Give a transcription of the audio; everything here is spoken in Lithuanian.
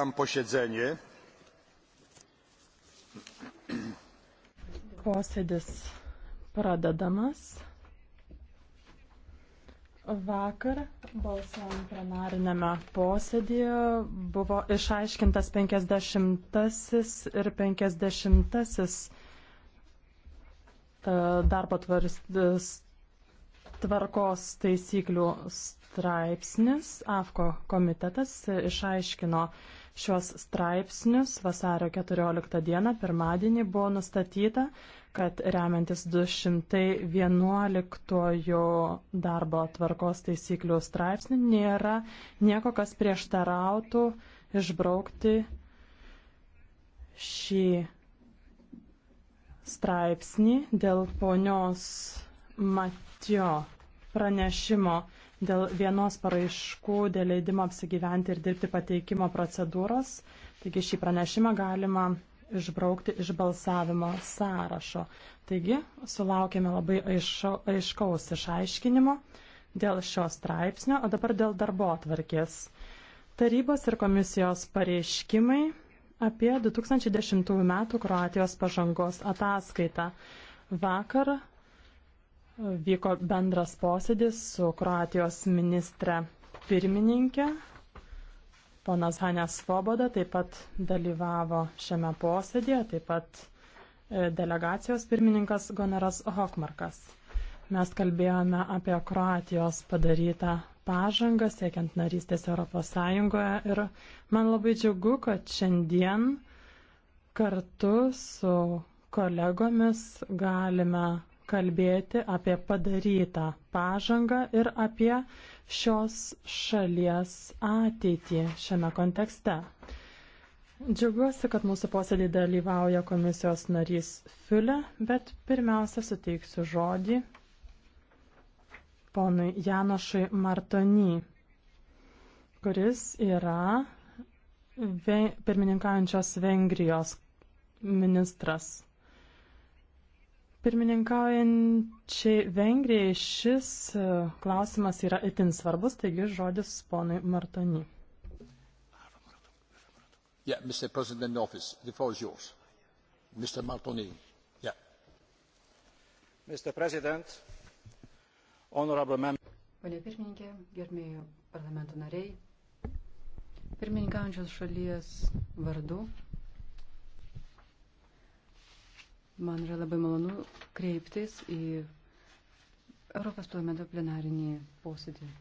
Otwieram posiedzenie. Posėdis pradedamas. Vakar balsuojant plenarinėme posėdėje buvo išaiškintas 50 ir 50 e, darbo e, tvarkos taisyklių straipsnis. AFKO komitetas išaiškino šios straipsnius. Vasario 14 dieną, pirmadienį, buvo nustatyta, kad remiantis 211 darbo tvarkos taisyklių straipsnių nėra nieko, kas prieštarautų išbraukti šį straipsnį dėl ponios Matio pranešimo dėl vienos paraiškų, dėl leidimo apsigyventi ir dirbti pateikimo procedūros. Taigi šį pranešimą galima išbraukti iš balsavimo sąrašo. Taigi sulaukėme labai aišo, aiškaus išaiškinimo dėl šio straipsnio, o dabar dėl darbo atvarkės. Tarybos ir komisijos pareiškimai apie 2010 m. Kroatijos pažangos ataskaitą. Vakar vyko bendras posėdis su Kroatijos ministre pirmininkė. Ponas Hanė Svoboda taip pat dalyvavo šiame posėdėje, taip pat e, delegacijos pirmininkas Gonaras Hokmarkas. Mes kalbėjome apie Kroatijos padarytą pažangą siekiant narystės Europos Sąjungoje ir man labai džiugu, kad šiandien kartu su kolegomis galime kalbėti apie padarytą pažangą ir apie šios šalies ateitį šiame kontekste. Džiaugiuosi, kad mūsų posėdį dalyvauja komisijos narys Fiulė, bet pirmiausia suteiksiu žodį ponui Janošui Martony, kuris yra ve pirmininkaujančios Vengrijos ministras. Pirmininkaujančiai Vengrijai šis e, klausimas yra itin svarbus, taigi žodis ponui Martoni. Yeah, Mr. President Office, the floor is yours. Mr. Martoni. Yeah. Mr. President, honorable members. Pane pirmininkė, gerbėjų parlamento nariai, pirmininkaujančios šalies vardu Man yra labai malonu kreiptis į Europos parlamento plenarinį posėdį.